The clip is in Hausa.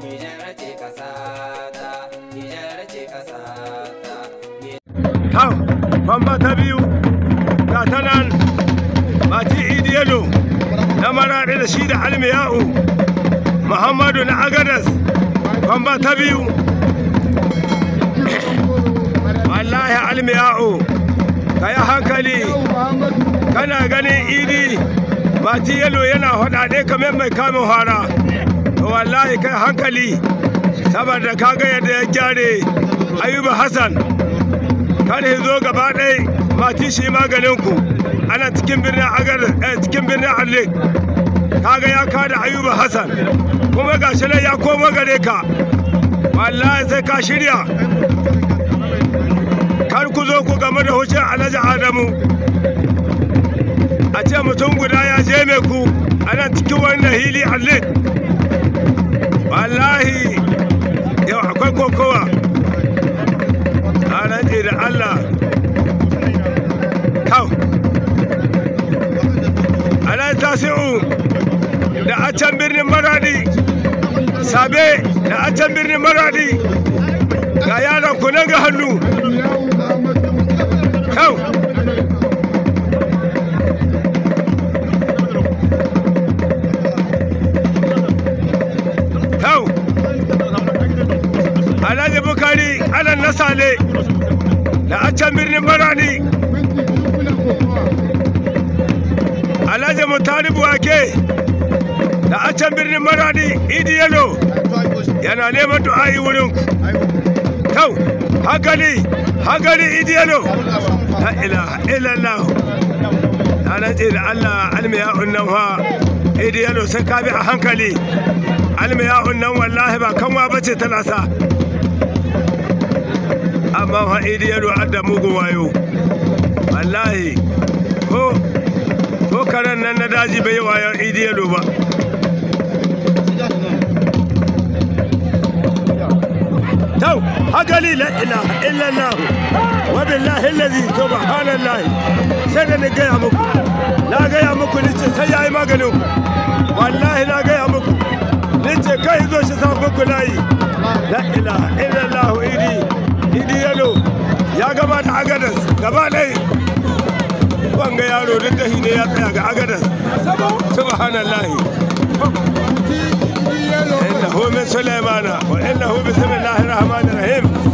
Nijar ce kasata, Nijar ce kasata. Tau, ta biyu, ta ta nan, Mati Idi Yalo, na maraɗe da shi da Almiya'u, Muhammadu na Agadas, bamba ta biyu. Wallahi Almiya'u, ka yi hankali, kana ganin Idi, Mati Yalo yana faɗaɗe kamar mai kamun hara. wallahi kai hankali saboda kaga yadda ya gyare ayuba hassan Kar ya zo gaba ɗai mati shi maganin ku ana cikin birnin agar eh, cikin birnin arle kaga ya kada ayuba hassan kuma ga shi ya koma gare ka wallahi sai ka shirya kar ku zo ku game da hushin alhaji adamu a ce mutum guda ya je mai ku ana cikin wannan hili arle wallahi yau akwai kokowa ranar da allah kau anan tasiru da a can birnin maradi sabe da a can birnin maradi ga yaran kunan ga hannu kawo sale da a can birnin marani alhaji mutalibu wake da a can birnin marani idi yalo yana neman du'a'i wurin kau hagali hagali idi yalo la ilaha illallah na rantse da allah almiya nan wa idi yalo sai ka bi a hankali almiya unnan wallahi ba kanwa bace talasa amma fa idiyar adda mugun wayo wallahi ko ko karen nan na daji bai yi wayon idiyar ba tau hagali la ilaha illallah wa billahi allazi subhanallahi sai da ni gaya muku na gaya muku ni ce sai yayi maganin ku wallahi na gaya muku ni ce kai zo shi sa muku layi la ilaha illallah gaba ɗai wanga yaro duk da ne ya tsaya ga agadar subhanallahi innahu min sulaimana wa innahu bismillahir rahmanir rahim